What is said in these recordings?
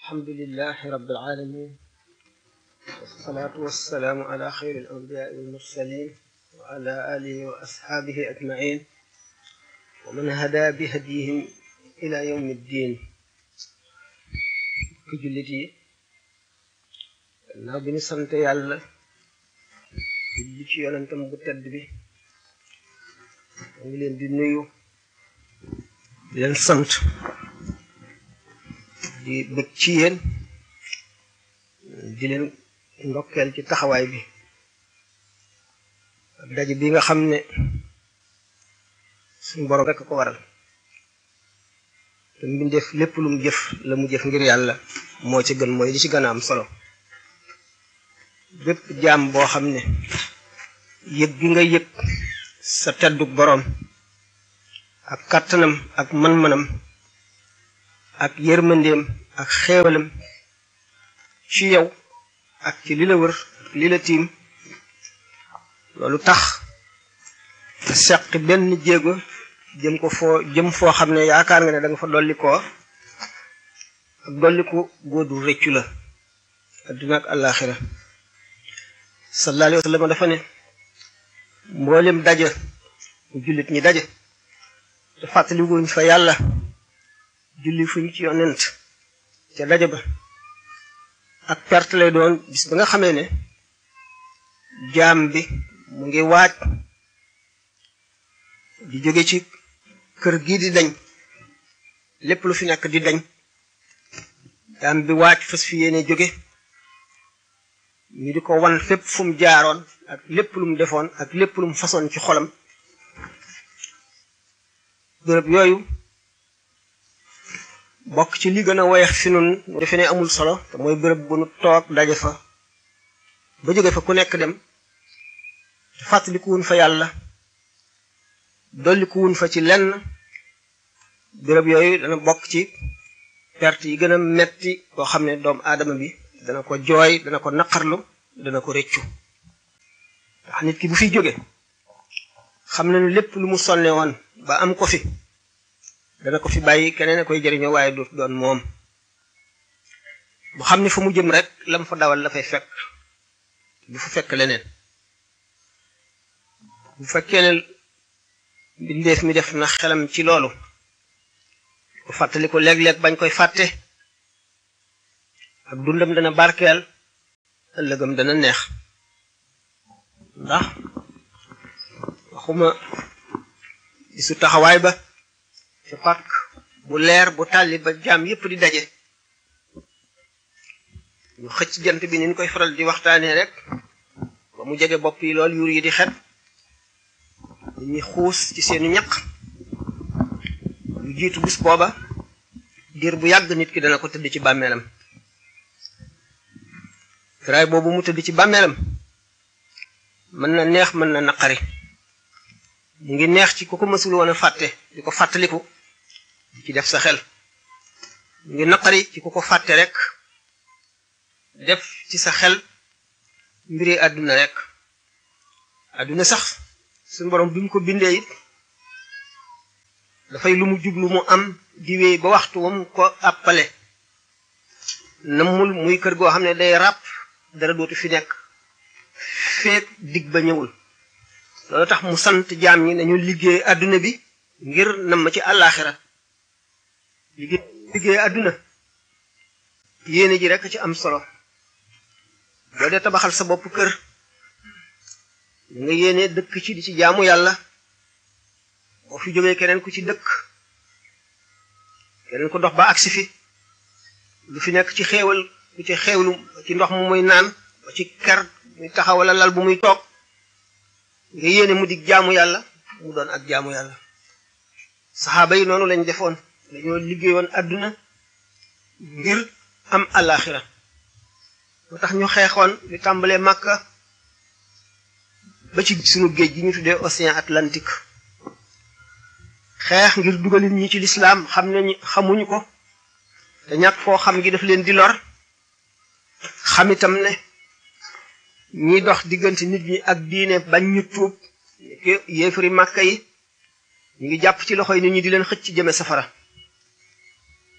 الحمد لله رب العالمين والصلاة والسلام على خير الأنبياء والمرسلين وعلى آله وأصحابه أجمعين ومن هدى بهديهم إلى يوم الدين كجلتي jullit بني gannaaw bi ñu sant yàlla julli ci yonentam bu tedd bi di bëgg ci yéen ndokkeel ci taxawaay bi daje bi nga xam ne suñ borom rekk ko waral te mbindeef lépp lu mu jëf la mu jëf ngir yàlla moo ci gën mooy li ci gën am solo bépp jaam boo xam ne yëg gi nga yëg sa teddug borom ak kàttanam ak man-manam ak yërmandeem ak xeewalam ci yow ak ci li la wër ak li la tiim loolu tax nga seqi benn jéego jëm ko foo jëm foo xam ne yaakaar nga ne da fa dolli koo ak dolli ko góodu rëccu la adduna ak àllaaxira sallallahu alayhi wa sallam dafa ne mboolem daje bu jullit ñi daje te fàttali wuñ fa yàlla julli fuñ ci yonent ca daje ba ak perte lay doon bis ba nga xamee ne jaam bi mu ngi waaj di jóge ci kër gi di dañ lépp lu fi nekk di dañ jaam bi waaj fas fi yéene jóge ñu di ko wan fépp fu jaaroon ak lépp lu mu defoon ak lépp lu mu fasoon ci xolam bërëb yooyu bok ci li gëna wayax woyex fi nun defe ne amul solo te moy bërepp bu nu tok daje fa ba jóge fa ku nekk dem fatali wun fa yàlla dolliku wun fa ci lenn bërepp yoy dana bok ci perte yi gëna metti boo xamné doom doomu bi dana ko joy dana ko nakarlu dana ko rëccu ndax nit ki bu fi jóge xam lépp lu mu sonne won ba am ko fi dana ko fi bàyyi keneen a koy jëriñu waaye du doon moom bu xam ni fu mu jëm rek lam fa dawal la fay fekk du fu fekk leneen bu fekkee ne bindeef mi def na xelam ci loolu bu fàttali ko léeg-léeg bañ koy fàtte ak dundam dana barkeel ëllëgam dana neex ndax waxuma gisu taxawaay ba ci pak bu leer bu tàlli ba jam yépp di daje ñu xëcc jant bi niñ koy faral di waxtaanee rek ba mu jege bopp yi lool yuur yi di xet ñi xuus ci seenu ñaq ñu jiitu bis booba dir bu yàgg nit ki dana ko tëdd ci bàmmeelam raay boobu mu tëdd ci bàmmeelam mën na neex mën na naqari mu ngi neex ci ku ko mësul woon a fàtte di ko fàttaliku di ci def sa xel mu ngi naqari ci ku ko fàtte rek def ci sa xel mbiri àdduna rek àdduna sax suñu borom bi mu ko bindee it dafay lu mu jublu mu am di wéy ba waxtu wam ko àppale namul muy kër goo xam ne day ràpp dara dootu fi nekk feek digg ba ñëwul loolu tax mu sant jaam yi nañu liggéey àdduna bi ngir nam ma ci àllaaxira liggéey liggéey àdduna yéene ji rek ci am solo boo dee tabaxal sa bopp kër nga yéene dëkk ci di ci jaamu yàlla boo fi jógee keneen ku ci dëkk keneen ku ndox ba agsi fi lu fi nekk ci xéewal ku ci xéewlu ci ndox mu muy naan ba ci ker muy taxawala lal bu muy toog nga yéene mu di jaamu yàlla mu doon ak jaamu yàlla saxaaba yi noonu lañ defoon dañoo liggéeyoon àdduna ngir am alaxira moo tax ñu xeexoon li tàmbalee Makka ba ci sunu géej gi ñu tuddee océan Atlantique xeex ngir dugal nit ñi ci lislaam xam ne ñi xamuñu ko te ñàkk koo xam gi daf leen di lor xam itam ne ñiy dox diggante nit ñi ak diine bañ ñu tuub yéefari Makka yi ñu ngi jàpp ci loxo yi nit ñu di leen xëcc jëme safara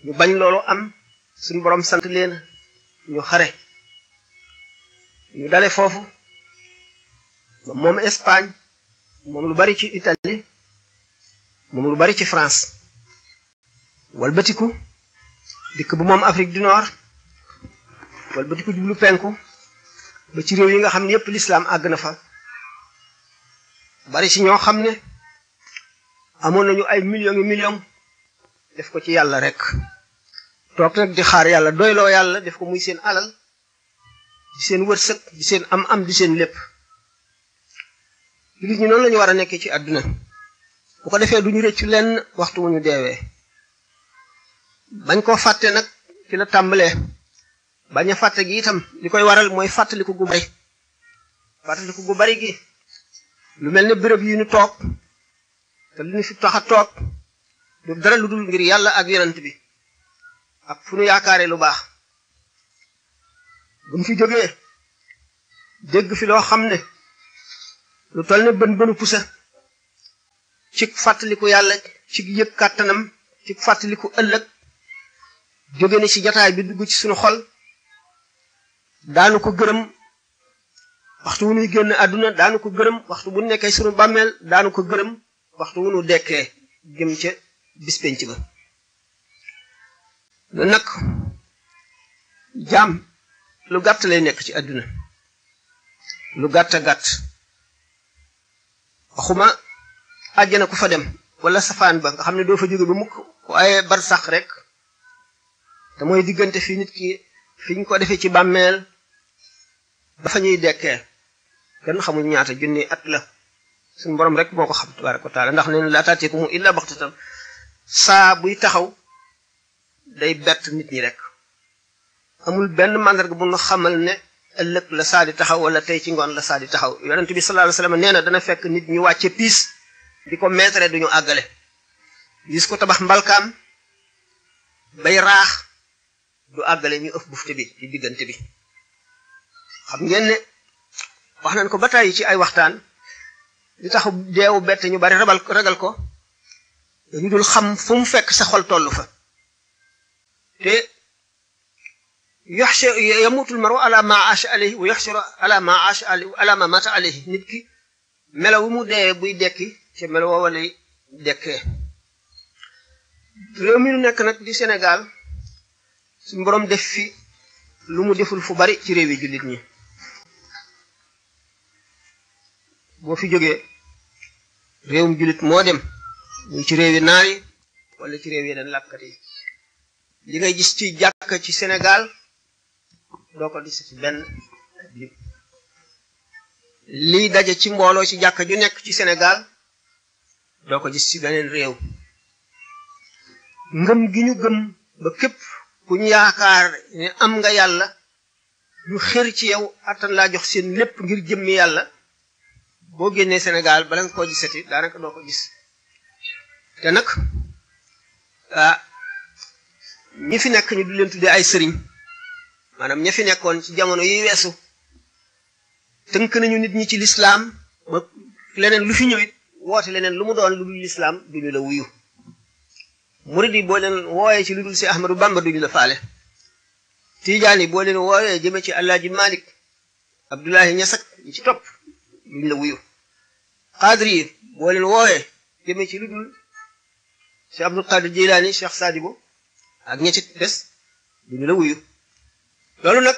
ñu bañ loolu am suñ borom sant leen ñu xare ñu dale foofu moom Espagne moom lu bari ci Italie moom lu bari ci France wal walbatiku dikk bu moom afrig du Nord walbatiku jublu penku ba ci réew yi nga xam ne yépp lislaam àgg na fa bari ci ñoo xam ne amoon nañu ay million yu def ko ci yàlla rek toog rek di xaar yàlla doyloo yàlla def ko muy seen alal di seen wërsëg di seen am-am di seen lépp jullit ñi noonu la ñu war a nekkee ci àdduna bu ko defee duñu rëcc lenn waxtu wu ñu deewee bañ ko fàtte nag ci la tàmbalee bañ a gi itam li koy waral mooy fàttaliku gu bari fàttaliku gu bari gi lu mel ne béréb yi ñu toog te li ñu fi tax a toog du dara lu ngir yàlla ak bi ak fu yaakaare lu baax buñ fi jógee dégg fi loo xam ne lu toll ne bën bënu pusa ci fàttaliku yàlla ci yëg kàttanam ci fàttaliku ëllëg jóge na ci jataay bi dugg ci sunu xol daanu ko gërëm waxtu wu ñuy génn àdduna daanu ko gërëm waxtu bu nekkee suñu bàmmeel daanu ko gërëm waxtu wu ñu dekkee jëm ca bis penc ba nag jaam lu gàtt lay nekk ci àdduna lu gàtt gàtt waxuma àjjana ku fa dem wala safaan ba nga xam ne doo fa jóge ba mukk waaye bar sax rek te diggante fi nit ki fi ko defee ci bàmmeel ba fa ñuy dekkee kenn xamul ñaata junni at la suñu borom rek moo ko xam tabaraka wa taala ndax neen laa taatiikumu illa baxtatam saa buy taxaw day bett nit ñi rek amul benn mandarga bu nu xamal ne ëllëg la saa di taxaw wala tey ci ngoon la saa di taxaw yonent bi sallallahu alayhi wasallam nee na dana fekk nit ñu wàcce piis di ko meetare duñu àggale gis ko tabax mbalkaam bay raax du àggale ñu ëf bufte bi ci diggante bi xam ngeen ne wax nañ ko ba tàyyi ci ay waxtaan li tax deewu bett ñu bari ragal ko dañu dul xam fu mu fekk sa xol tollu fa te yoxsha yamutul maru ala ma aasha alayhi wa aasha alayhi ala ma mata alayhi nit mu deewee buy dekki ca melo woowa lay dekkee réew mi nu nekk di senegal suñu boroom def fi lu mu deful fu bari ci réew yi jullit ñi boo fi jógee réewum jullit moo dem mu ci réew yi naar yi ci réew yi dañ làkkat li nga gis ci jàkk ci Sénégal doo ko gis ci benn lii daje ci mbooloo ci jàkk ju nekk ci Sénégal doo ko gis ci beneen réew ngëm gi ñu gëm ba képp ku ñu yaakaar ne am nga yàlla ñu xër ci yow attan laa jox seen lépp ngir jëmmi yàlla boo génnee Sénégal bala nga koo gisati daanaka doo ko gis te nag ah ñi fi nekk ñu du leen tuddee ay sëriñ maanaam ña fi nekkoon ci jamono yi weesu tënk nañu nit ñi ci lislaam ba leneen lu fi ñëwit woote leneen lu mu doon lu dul lislaam duñu la wuyu murid yi boo leen wooyee ci lu dul si Ahmadu duñu la faale tijaan yi boo leen wooyee jëme ci Alaaji Malik Abdullahi Ñasak ñi ci topp duñu la wuyu xaadir yi boo leen ci lu dul si Abdul Xaadir Jilaani Cheikh Saadibu ak ña ci des duñu la wuyu loolu nag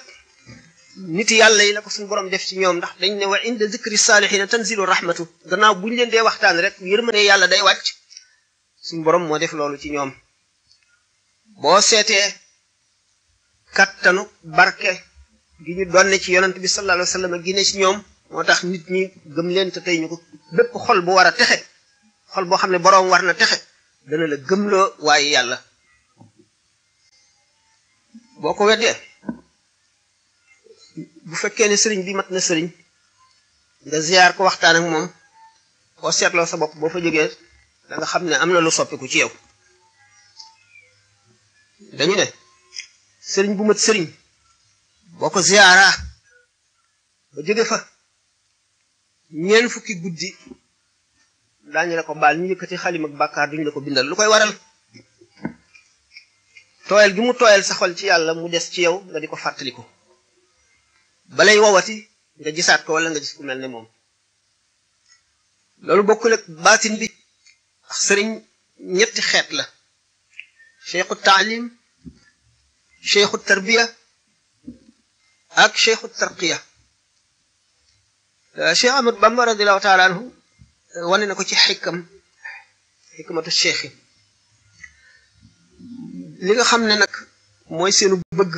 nit yàlla yi la ko suñu boroom def ci ñoom ndax dañ ne wa inda zikri saalihiina tanzilu rahmatu gannaaw buñu leen dee waxtaan rek yërmande yàlla day wàcc suñu boroom moo def loolu ci ñoom boo seetee kattanu barke gi ñu donne ci yonent bi sallallahu alayhi wa gi ne ci ñoom moo tax nit ñi gëm leen tey ñu ko bépp xol bu war a texe xol boo xam ne boroom war na texe dana la gëmloo waaye yàlla boo ko weddee bu fekkee ne sëriñ bi mat na sëriñ nga ziyaar ko waxtaan ak moom boo seetloo sa bopp boo fa jógee da nga xam ne am na lu soppiku ci yow dañu ne sëriñ bu mat sëriñ boo ko ziyaaraa ba jóge fa ñeent fukki guddi daañu la ko baal ñu yëkkati xalim ak bàkkaar duñu la ko bindal lu koy waral toyal gi mu toyal sa xol ci yàlla mu des ci yow nga di ko fàttaliku balay wowati nga gisaat ko wala nga gis ku mel ne moom loolu bokkul ak baatin bi ndax sëriñ ñetti xeet la cheikhu taalim cheikhu tarbiya ak cheikhu tarqiya cheikh amad bamba radiallahu taala anhu wane na ko ci xikam xikmatu cheikh li nga xam ne nag mooy seenu bëgg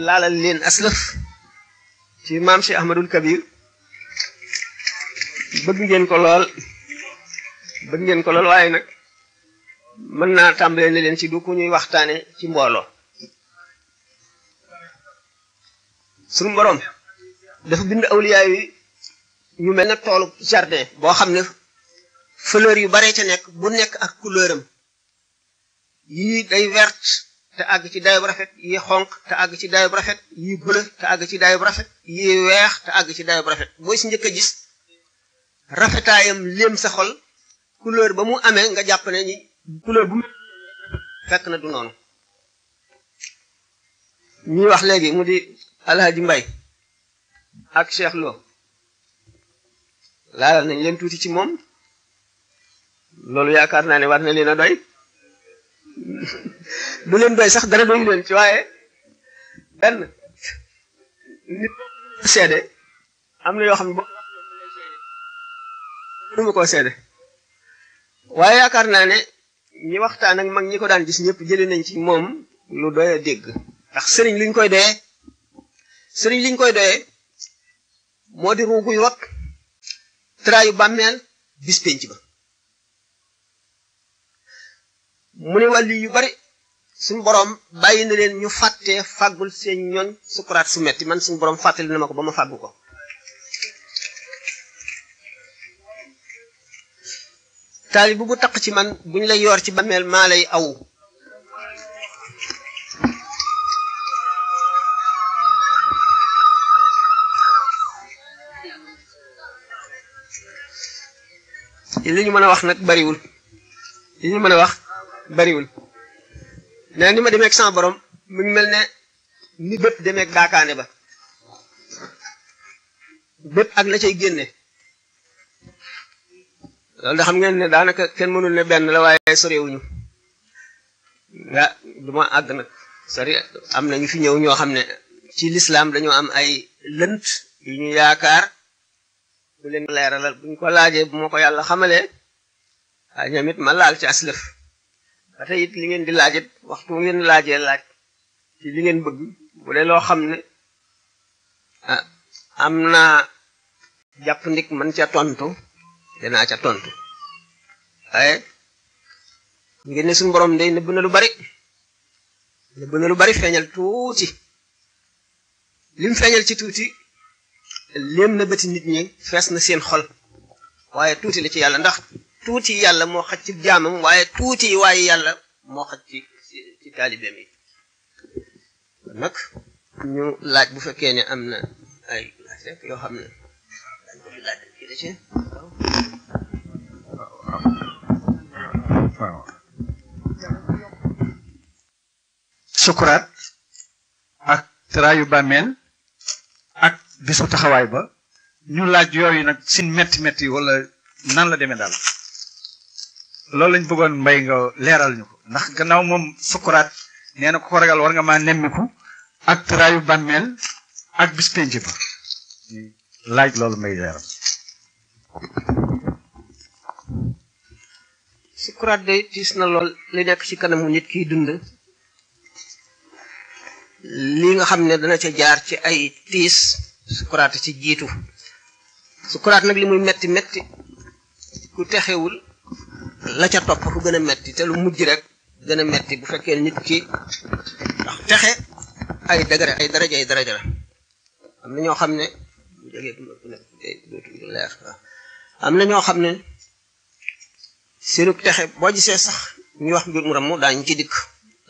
laalal leen aslëf ci maam Cheikh Ahmadul Kabir bëgg ngeen ko lool bëgg ngeen ko lool waaye nag mën naa tàmbalee ne leen ci du ku ñuy waxtaane ci mbooloo suñu boroom dafa bind awliyaa yi yu mel na toolu jardin boo xam ne fleur yu baree ca nekk bu nekk ak couleuram yi day verte te ag ci dayu rafet yi xonk te ag ci dayu rafet yi bëla te ag ci dayu rafet yi weex te ag ci dayu rafet moy si ñeuk gis rafetayam lim sa xol couleur ba mu amé nga japp né ni couleur bu fekk na du non ñi wax légui mu di alhaji mbay ak cheikh lo laala nañ leen tuti ci mom lolu yaakar na ne war na leena doy du leen doy sax dara doyu leen ci waaye benn nit seede am na yoo xam ne boo mënuma seede waaye yaakaar naa ne ñi waxtaan ak mag ñi ko daan gis ñëpp jëlee nañ ci moom lu doy a dégg ndax sëriñ liñ koy doyee sëriñ liñ koy doyee moo di ruuguy rot tra yu bàmmeel bis penc ba mu ne wàllu yu bari suñ borom bàyyi na leen ñu fàttee fàggul seen ñooñ sukuraat su metti man suñ borom fàttali na ma ko ba ma fàggu ko taalibu bu taq ci man buñ la yor ci bàmmeel maa lay awu li ñu mën a wax nag bariwul li ñu mën a wax bariwul nee na ni ma demeek ak boroom borom mu mel ne ni bët demee ak daakaane ba bët ak la cay génne loolu da xam ngeen ne daanaka kenn mënul ne benn la waaye sorewuñu nga du ma àgg nag sori am na ñu fi ñëw ñoo xam ne ci lislaam dañoo am ay lënt yu ñu yaakaar bu leen leeralal buñ ko laajee bu ma ko yàlla xamale ñoom it ma laal ci aslëf ate it li ngeen di laajit waxtu bu ngeen laajee laaj ci li ngeen bëgg bu loo xam ne ah, am naa jàpp ndik man ca tontu dinaa ca tontu waaye ngeen ne suñu borom day nëbb na lu bari nëbb na lu bari feeñal tuuti lim feeñal ci tuuti léem na bëti nit ñi fees na seen xol waaye tuuti la ci yàlla ndax tuuti yàlla moo xaj ci jaamam waaye tuuti waaye yàlla moo xaj ci taalibeem yi nag ñu laaj bu fekkee ni am na ay laaj rek yoo xam ne dañ ko ak taraayu bàmmeel taxawaay ba ñu laaj yooyu nag sin metti metti wala nan la demee daal loolu lañ bëggoon mbay nga leeral ñu ko ndax gannaaw moom sukuraat nee na ku ko ragal war nga maa nemmiku ak traayu bàmmeel ak bis pénc ba laaj loolu may leeral sukuraat day tiis na lool li nekk ci kanamu nit kiy dund li nga xam ne dana ca jaar ci ay tiis sukuraat ci jiitu sukuraat nag li muy metti metti ku texewul la ca topp lu gën a metti te lu mujj rek gën a metti bu fekkee nit ki texe ay degré ay daraja ay daraja la am na ñoo xam ne am na ñoo xam ne seenug texe boo gisee sax ñu wax mbir mu ramm daañu ci dikk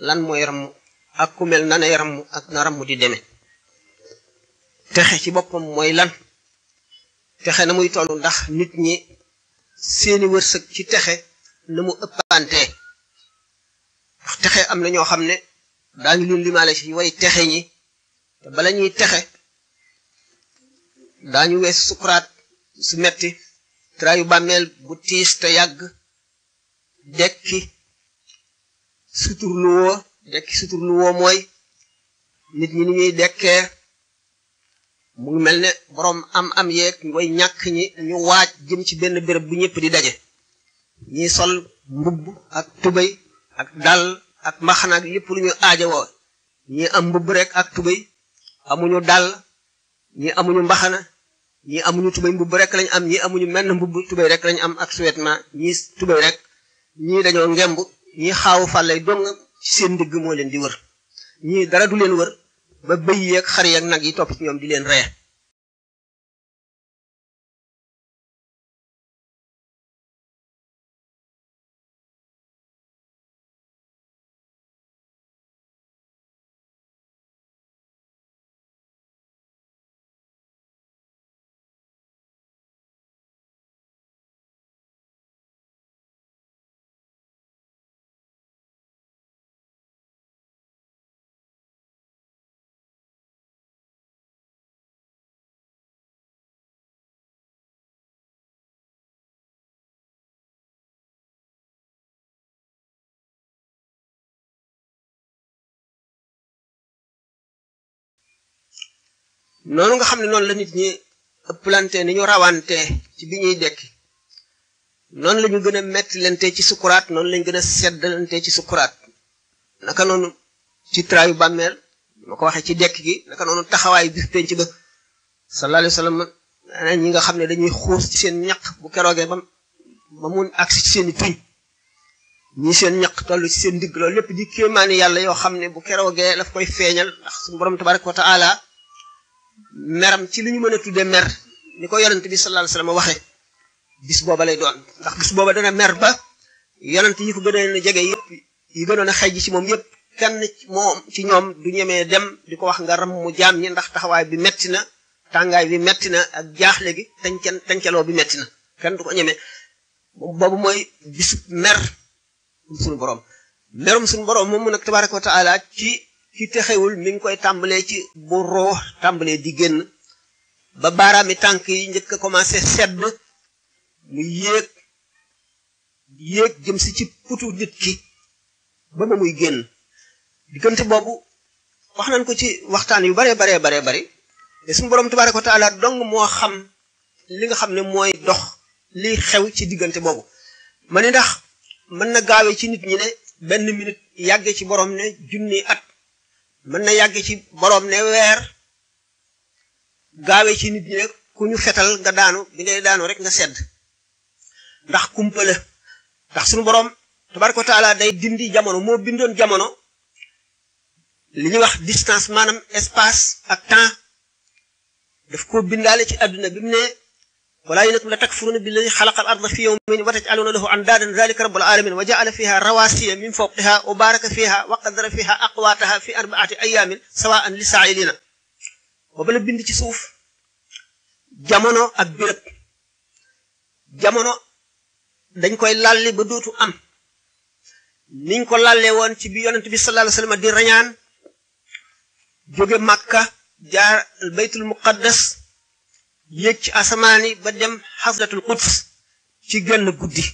lan mooy ramm ak ku mel na nay ramm ak na ramm di deme texe ci boppam mooy lan texe na muy tollu ndax nit ñi seeni wërsëg ci texe na mu ëppante ndax texe am na ñoo xam ne daañu leen limaale ci way texe ñi bala ñuy texe daañu wees sukuraat su metti trayu bàmmeel bu tiis te yàgg dekki suturluwoo dekki suturluwoo mooy nit ñi ni ñuy dekkee mu mel ne boroom am am yeeg way ñàkk ñi ñu waaj jëm ci benn béréb bu ñëpp di daje ñi sol mbubb ak tubéy ak dal ak mbaxana ak lépp lu ñu aajowoo ñi am mbubb rek ak tubéy amuñu dal ñi amuñu mbaxana ñi amuñu tubéy mbubb rek lañ am ñi amuñu menn mbubb tubéy rek lañ am ak sous-vêtement ñi tubéy rek ñii dañoo ngemb ñi xaawu fàllay dong ci seen ndigg moo leen di wër ñii dara du leen wër ba bëy yeeg xar yeeg nag yi topp ci ñoom di leen ree noonu nga xam ne noonu la nit ñi ëpplante ni ñu rawante ci bi ñuy dekki noonu la ñu gën a mettilante ci sukkuraat noonu lañu gën a seddalante ci sukkuraat naka noonu ci traayu bàmmeel ma ko waxee ci dekk gi naka noonu taxawaay bis penc ba sallallahu alayhi wa sallam ñi nga xam ne dañuy xuus ci seen ñaq bu keroogee ba ba mun agsi ci seen ñaq toll ci seen digg loolu lépp di kéemaani yàlla yoo xam ne bu keroogee daf koy feeñal ndax suñu borom tabaraka wa taala meram ci li ñu mën a tudde mer ni ko yonent bi sallallahu alayhi wasallam waxe bis booba lay doon ndax bis booba dana mer ba yonent yi ko gënoon a jege yëpp yi gënoon a xëy ji ci moom yëpp kenn moom ci ñoom du ñemee dem di ko wax nga ram mu jaam ñi ndax taxawaay bi metti na tàngaay bi metti na ak jaaxle gi tàncan tàncaloo bi metti na kenn du ko ñemee boobu mooy bisu mer suñu borom merum suñu borom moom mu nag tabaraka wa ci ki texewul mi ngi koy tàmbalee ci bu roo tàmbalee di génn ba baaraami tànk yi njëkk a commencé sedd mu yéeg yéeg jëm si ci putu nit ki ba ba muy génn diggante boobu wax nañ ko ci waxtaan yu baree baree baree bari te suñu borom tabaraka wa taala dong moo xam li nga xam ne mooy dox liy xew ci diggante boobu ma ne ndax mën na gaawee ci nit ñi ne benn minute yàggee ci borom ne junni at mën na yàgg ci borom ne weer gaawe ci nit ñi ku ñu fetal nga daanu bi ngay daanu rek nga sedd ndax kumpa ndax sunu boroom tabaraka wa taala day dindi jamono moo bindoon jamono li ñuy wax distance maanaam espace ak temps daf ko bindaale ci àdduna bi mu ne ولا ينكم لتكفرون بالذي خلق الأرض في يومين وتجعلون له أندادا ذلك رب العالمين وجعل فيها رواسي من فوقها وبارك فيها وقدر فيها أقواتها في أربعة أيام سواء لسائلين وبل بند ci suuf jamono ak bërëb jamono dañ لالي با دوتو ام am niñ ko lallee woon ci bi yonent bi sallallahu alayhi wasallam di rañaan jóge Makka jaar baytul muqaddas yéeg ci asamaan yi ba dem xasratul quds ci genn guddi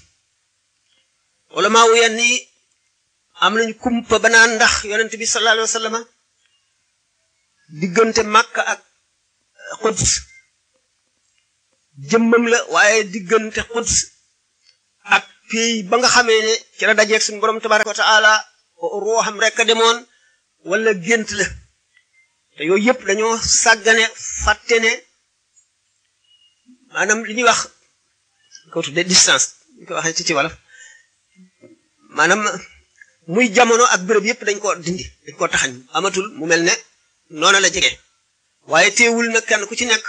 wala maa wuyan ni am nañ kumpa ba naan ndax yonent bi sallallahu alayhi wa sallam diggante Makka ak eh, quds jëmmam la waaye diggante quds ak pays ba nga xamee ne ci la dajeeg suñu borom tabaraka wa taala ruuxam rek a demoon walla gént la te yooyu yëpp dañoo sàggane fàtte maanaam li ñuy wax ko tudde ñu ko waxee ci ci wolof maanaam muy jamono ak béréb yëpp dañ koo dindi dañ koo taxañ amatul mu mel ne noona la jege waaye teewul nag kenn ku ci nekk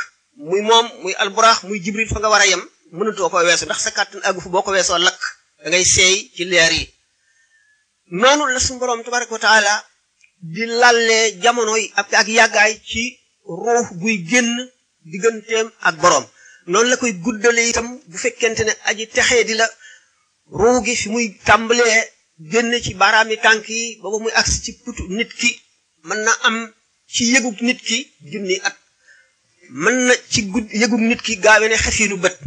muy moom muy alburaax muy jibril fa nga war a yem mënatoo ko weesu ndax sa kàttan àggu fu boo ko weesoo lakk da ngay seey ci leer yi noonu la suñu boroom tabaraka wa taala di lallee jamono yi ak ak yàggaay ci ruux guy génn digganteem ak boroom noonu la koy guddale itam bu fekkente ne aji texee di la ruu gi fi muy tàmbalee génn ci yi tànk yi booba muy agsi ci putu nit ki mën na am ci yëgug nit ki junni at na ci gudd nit ki gaawe ne xefiinu bët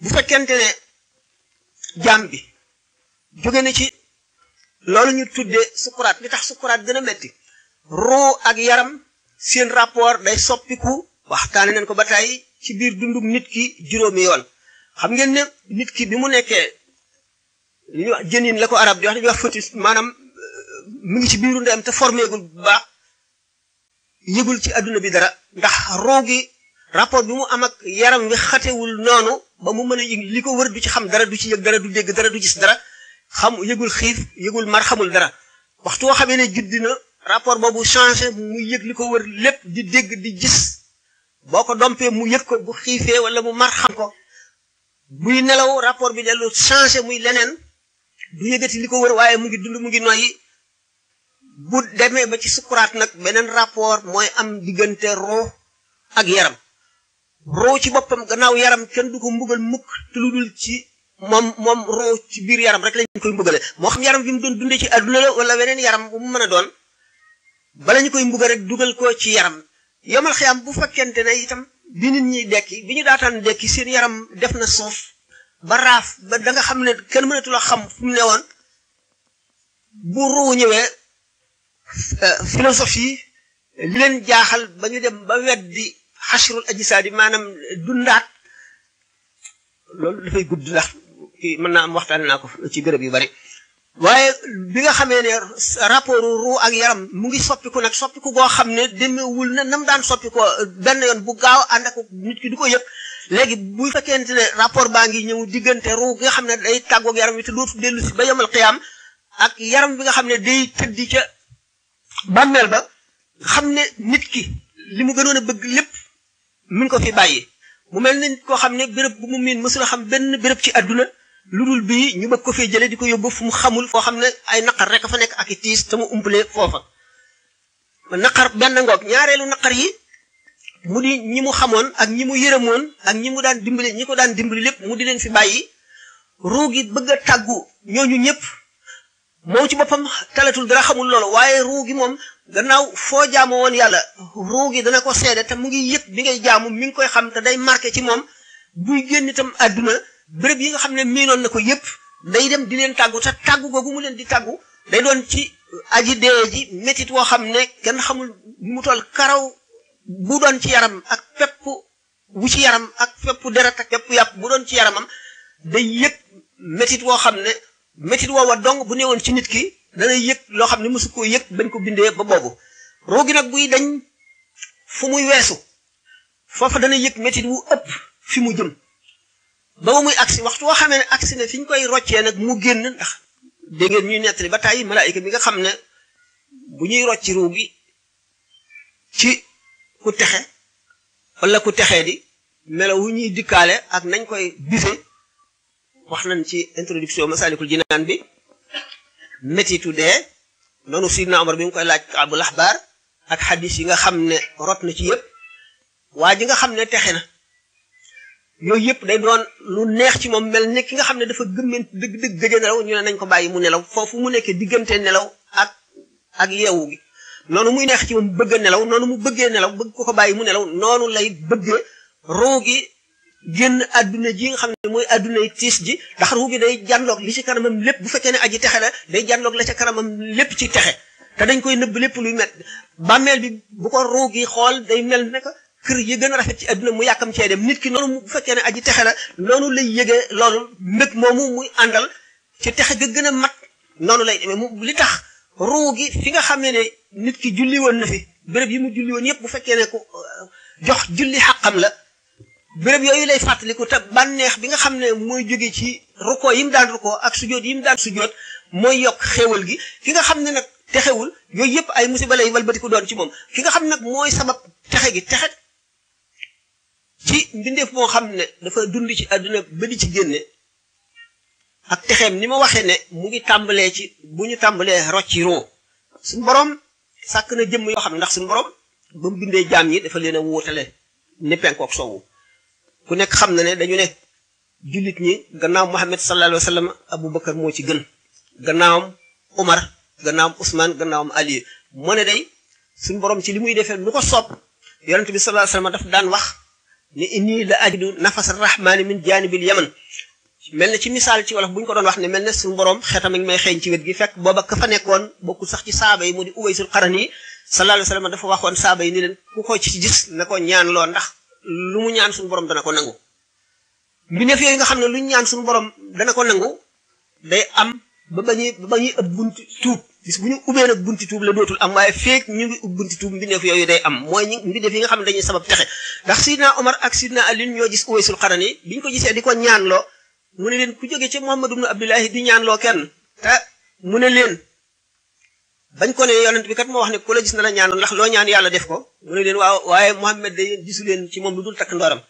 bu fekkente ne jaam bi jóge na ci loolu ñu tudde sukuraat li tax sukuraat gën a metti ruu ak yaram seen rapport day soppiku waxtaane nañ ko ba tàyyi ci biir dundum nit ki juróomi yoon xam ngeen ne nit ki bi mu nekkee li ñuy la ko arab di wax wax maanaam euh, mu ci biiru ndeyam te formeegul bu baax yëgul ci adduna bi dara ndax roo gi rapport bi mu am ak yaram wi xatewul noonu ba mën a yëg li ko wër du ci xam dara du ci yëg du dégg dara du gis dara xam yëgul xiif yëgul mar xamul dara waxtu xamee ne judd rapport boobu changé mu yëg li ko wër lépp di dégg di gis boko ko mu yek ko bu xiifee wala mu marxam ko muy nelaw rapport bi dellu changer muy lenen du yegati liko wër waye mu ngi dund mu ngi noyyi bu demee ba ci sukurat nak benen rapport moy am digënté ro ak yaram ro ci bopam gannaaw yaram kën du ko mbugal mukk te ci mom mom ro ci bir yaram rek lañ koy mbugalé mo xam yaram bi mu doon dundé ci aduna la wala benen yaram bu mu mëna doon bala koy mbugal rek dugal ko ci yaram yom xiyaam bu fekkente ne itam bi nit ñi dekki bi ñu daataan dekki seen yaram def na soof ba raaf ba da nga xam ne kenn mënatul a xam fu ne woon bu ruu ñëwee euh, philosophie li leen jaaxal ba ñu dem ba weddi xashrul ajisaadi maanaam dundaat loolu dafay gudd ndax mën naa am waxtaan naa ko ci gërëb yu bari waaye bi nga xamee ne rapport ruu ak yaram mu ngi soppiku nag soppiku goo xam ne demewul na nam daan soppikoo euh, benn yoon bu gaaw ànd ak nit ki du ko yëg léegi bu fekkente ne rapport baa ngi ñëw diggante ruu gi nga xam ne day tàggoog yaram wi te dootu dellu si ba yemal xiyaam ak yaram bi nga xam ne day tëddi ca bàmmeel ba xam ne nit ki li mu gënoon a bëgg lépp mun ko fi bàyyi mu mel ne nit koo xam ne béréb bu mu miin mësul a xam benn béréb ci àdduna lu dul bi ñu bëgg ko fee jëlee di ko yóbbu fu mu xamul foo xam ne ay naqar rek fa nekk ak i tiis te mu umpalee foofa naqar benn ngoog ñaareelu naqar yi mu di ñi mu xamoon ak ñi mu yërëmoon ak ñi mu daan dimbali ñi ko daan dimbali lépp mu di leen fi bàyyi ruu gi bëgg a tàggu ñooñu ñëpp moo ci boppam talatul dara xamul loolu waaye ruu gi moom gannaaw foo jaamu woon yàlla ruu gi dana ko seede te mu ngi yëg bi ngay jaamu mi ngi koy xam te day marqué ci moom buy génn itam àdduna béréb yi nga xam ne miinoon na ko yëpp day dem di leen tàggu ta tàggu googu mu leen di tàggu day doon ci euh, aji dee ji métit woo xam ne kenn xamul mu toll karaw bu doon ci yaram ak peppu wu ci yaram ak peppu deret ak pepp yàpp bu doon ci yaramam day yëg métit woo xam ne métit woowa dong bu newoon ci nit ki danay yëg loo xam ne mosu koo yëg bañ ko bindee ba boobu roogi nag buy dañ fu muy weesu foofa dana yëg métit wu ëpp fi mu jëm ba ba muy agsi waxtu woo xamee ne agsi ne fi koy roccee nag mu génn ndax dégg ngeen ñuy nettali ba tàyyi malaayika bi nga xam ne bu ñuy rocci ruu gi ci ku texe wala ku texe di melow ñuy dikkaale ak nañ koy bise wax nañ ci introduction masalikul jinaan bi métitu de noonu sidna Omar bi mu koy laaj abul axbaar ak xadis yi nga xam ne rot na ci yépp waa ji nga xam ne texe na yooyu yëpp day doon lu neex ci moom mel ni ki nga xam ne dafa gëmmen dëgg dëgg gëj nelaw ñu ne nañ ko bàyyi mu nelaw foofu mu nekkee diggante nelaw ak ak yeewu gi noonu muy neex ci moom bëgg a nelaw noonu mu bëggee nelaw bëgg ko ko bàyyi mu nelaw noonu lay bëggee ruu gi génn adduna ji nga xam ne mooy àdduna yi tiis ji ndax ruu gi day jànloog li ci kanamam lépp bu fekkee ne aji texe la day jànloog la ca kanamam lépp ci texe te dañ koy nëbb lépp luy met bàmmeel bi bu ko ruu gi xool day mel ne kër yi gën a rafet ci àdduna mu yàkkam cee dem nit ki noonu bu fekkee ne aji texe la noonu lay yëgee loolu mbëg moomu muy àndal ci texe ga gën a mat noonu lay demee mu li tax ruu gi fi nga xamee ne nit ki julli woon na fi béréb yi mu julli woon yëpp bu fekkee ne ko jox julli xaqam la béréb yooyu lay fàttaliku te bànneex bi nga xam ne mooy jóge ci rukkoo yi mu daan rukkoo ak sujoot yi mu daan sujoot mooy yokk xéewal gi fi nga xam ne nag texewul yooyu yëpp ay musiba lay walbatiku doon ci moom fi nga xam nag mooy sabab texe gi texe ci mbindeef moo xam ne dafa dund ci àdduna ba ci génne ak texeem ni ma waxee ne mu ngi tàmbalee ci bu ñu tàmbalee rocci suñ borom sàkk na jëmm yoo xam ne ndax suñu borom ba mu bindee jaam yi dafa leen a wóotale ne penkook sowwu ku nekk xam na ne dañu ne jullit ñi gannaaw Muhammad sa alayhi wa sallam Aboubacar moo ci gën gannaawam Omar gannaawam Ousmane gannaawam Ali mu ne day suñ borom ci li muy defee lu ko soob yonent bi sallallahu alayhi wa sallam daf daan wax. ne inni la ajidu nafas rahmaani min jaanibil yaman mel na ci misaal ci wolof bu ñu ko doon wax ne mel na suñu borom xetam ak may xeeñ ci wet gi fekk booba ka fa nekkoon bokkul sax ci saaba yi mu di uwaysul xaran yi sa alayhi wa waxoon saaba yi ni leen ku ko ci gis na ko ñaan loo ndax lu mu ñaan suñu borom dana ko nangu mbindeef yooyu nga xam ne lu ñu ñaan suñu borom dana ko nangu day am ba bañu ba bañuy ëpp bunt tuub bis bu ñu ubbee nag bunti tuub la dootul am waaye feek ñu ngi ub bunti yooyu day am mooy ñi mbindeef yi nga xam ne dañuy sabab texe ndax sidna Omar ak sidna Alioune ñoo gis Uwaysul Qarani bi ñu ko gisee di ko ñaanloo mu ne leen ku jóge ci Muhammad ibnu Abdullahi di ñaanloo kenn te mu ne leen bañ ko ne yonent bi kat moo wax ne ku la gis na la ñaan ndax loo ñaan yàlla def ko mu ne leen waaw waaye Muhammad day gisu leen ci moom lu dul takk ndooram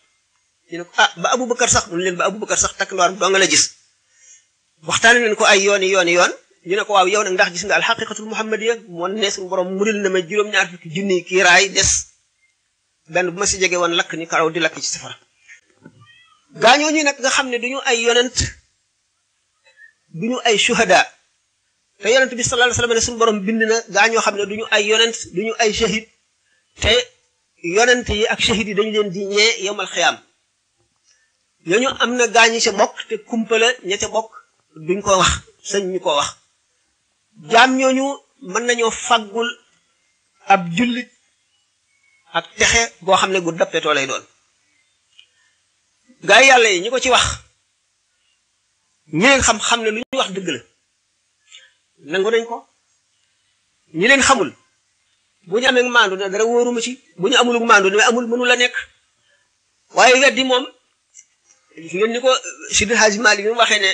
ñu ne ko ah ba Abubakar sax mu leen ba Abubakar sax takk ndooram doo nga la gis waxtaan leen ko ay yooni yooni yoon ñu ne ko waaw yow nag ndax gis nga alxaqiqatul muhammadiya moo ne suñu borom muril na ma juróom-ñaar fukki ki kiiraay des benn bu ma si jege woon lakk ni karaw di lakk ci safara gaañoo ñi nag nga xam ne duñu ay yonent duñu ay shuhada te yonent bi sallallahu alayhi wasallam ne borom bind na gaañoo xam ne duñu ay yonent duñu ay shahid te yonent yi ak shahid yi dañu leen di ñee yowmal xiyaam ñooñu am na gaañi ca bokk te kumpala ña ca bokk duñ ko wax sëñ ñu ko wax jaam ñooñu mën nañoo faggul ab jullit ak texe goo xam ne gu dappetoo lay doon gaay yàlla yi ñi ko ci wax ñi leen xam xam ne lu ñuy wax dëgg la nangu nañ ko ñi leen xamul bu ñu amee maandu ne dara wóoruma ci bu ñu amulug maandu ne amul mënu la nekk waaye weddi moom ngeen ni ko Sidi Hadji Malick bi mu waxee ne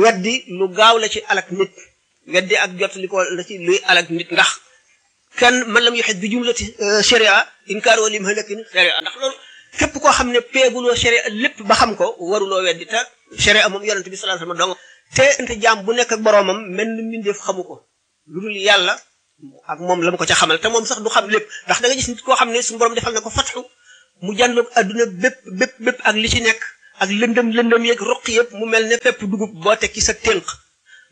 weddi lu gaaw la ci alak nit weddi ak jot li ko la ci luy alak nit ndax kenn man lam yoxit bi jumlati euh, sharia inkaar wala lim halakin sharia ndax loolu képp koo xam ne loo sharia lépp ba xam ko waruloo weddi te sharia moom yonent bi sallallahu alayhi wasallam dong te ante jaam bu nekk ak boroomam mel ni mbindeef xamu ko lu dul yàlla ak moom la ko ca xamal te moom sax du xam lépp ndax da nga nit koo xam ne suñu borom defal ne ko fatxu mu jànloog adduna bépp bépp bépp ak li ci nekk ak lëndëm lëndëm yeeg roq yëpp mu mel ne pepp dugub boo tekki sa tënk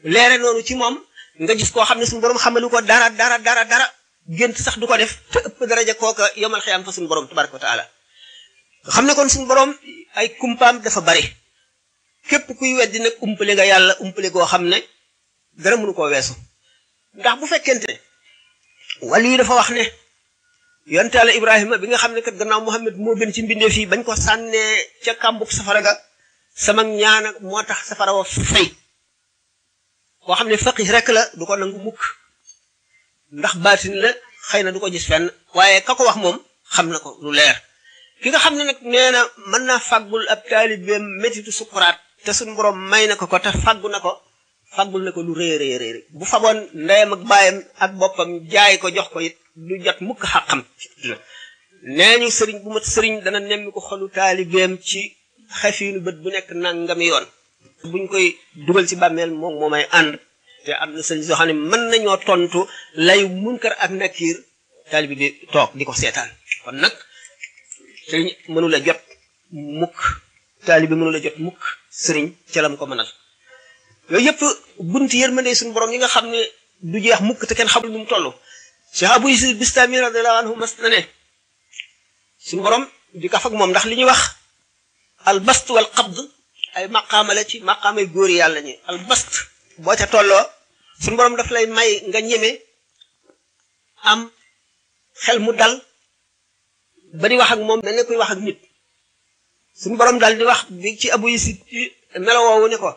leere noonu ci moom nga gis koo xam ne suñu borom xamalu ko dara dara dara dara gént sax du ko def te ëpp daraja kooka yomal xiyaam fa suñu borom tabaraka wa taala xam ne kon suñu borom ay kumpaam dafa bari képp kuy weddi nag umpale nga yàlla umpale goo xam ne dara mënu koo weesu ndax bu fekkente wàll yi dafa wax ne yonte yàlla Ibrahima bi nga xam ne kat gannaaw Muhammad moo gën ci mbindeef yi bañ ko sànnee ca kàmbuk safara ga sama ñaan ak moo tax safara wa fay koo xam ne faqih rek la du ko nangu mukk ndax baatin la xëy na du ko gis fenn waaye ka ko wax moom xam na ko lu leer ki nga xam ne nag nee na mën naa fàggul ab taalibeem metitu sukuraat te suñu borom may na ko ko te fàggu na ko fàggul na ko lu rëy rëy bu faboon ndeyam ak baayam ak boppam jaay ko jox ko it du jot mukk xàqam nee ñu sëriñ bu mat sëriñ dana nemmi ko xolu taalibeem ci xefiinu bët bu nekk nangami yoon buñ koy dugal ci bàmmeel moom may ànd te am na sëriñ soo xam ne mën nañoo tontu lay munkar ak nakiir taalibe bi toog di ko seetaan kon nag sëriñ mënu la jot mukk taalibe mënu la jot mukk sëriñ calam ko mënal yooyu yëpp bunti yërmande suñu borom yi nga xam ne du jeex mukk te kenn xam nu mu toll Cheikh Abu Yusuf Bistami radiyallahu anhu mas na ne borom di kaf moom ndax li ñuy wax albast wal qabd ay maqaama la ci maqaamay góor yàlla ñi albast boo ca tolloo suñu borom daf lay may nga ñeme am xel mu dal ba di wax ak moom mel ne kuy wax ak nit borom dal di wax bi ci Abu Yusuf melowoowu ne ko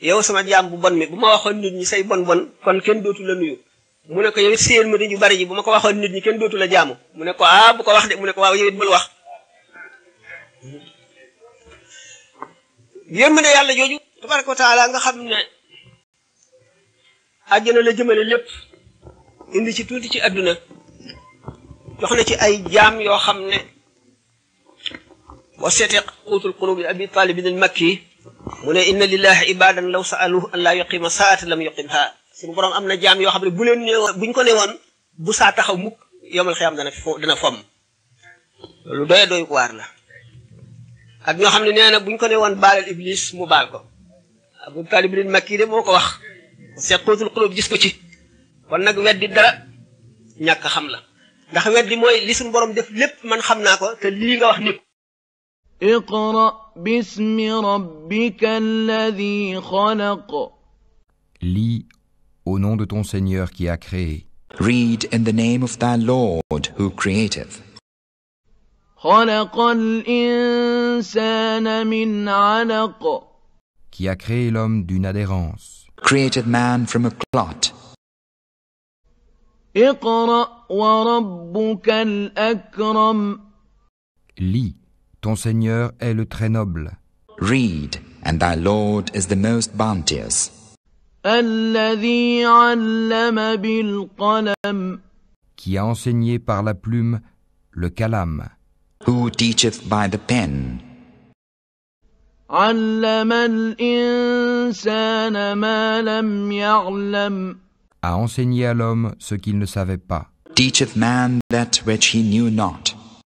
yow sama jaam bu bon mi bu ma waxoon nit ñi say bon bon kon kenn dootu la nuyu mu ne ko yow it séen ma di bari ji bu ma ko waxoon nit ñi kenn dootu la jaamu mu ne ko ah bu ko wax de mu ne ko waaw yow it bul wax yërmande yàlla jooju tabaraka wa nga xam ne àjjana la jëmale lépp indi ci tuuti ci àdduna jox na ci ay jaam yoo xam ne wa seete xuutul qulubi abi talibin al makki mu ne inna lillahi ibadan law saaluhu an laa yuqima saata lam yuqimha suñu borom am na jaam yoo xam ne bu leen nee buñ ko ne woon bu saa taxaw mukk yomal xiyaam dana fo lu doy doy waar na ak ñoo xam ne nee na buñ ko ne woon baalal iblis mu baal ko abu talib lin makki de moo ko wax seet xóotul xulóob gis ko ci kon nag weddi dara ñàkk xam la ndax weddi mooy li suñu borom def lépp man xam naa ko te lii nga wax nit اقرأ باسم ربك الذي خلق Lis au nom de ton Seigneur qui a créé. Read in the name of thy Lord who created. خلق الإنسان من علق Qui a créé l'homme d'une adhérence. Created man from a clot. اقرأ وربك الأكرم Lis ton Seigneur est le très noble. Read, and thy Lord is the most bounteous. الذي علم بالقلم. Qui a enseigné par la plume le calame. Who teacheth by the pen. علم الإنسان ما لم يعلم. A enseigné à l'homme ce qu'il ne savait pas. Teacheth man that which he knew not.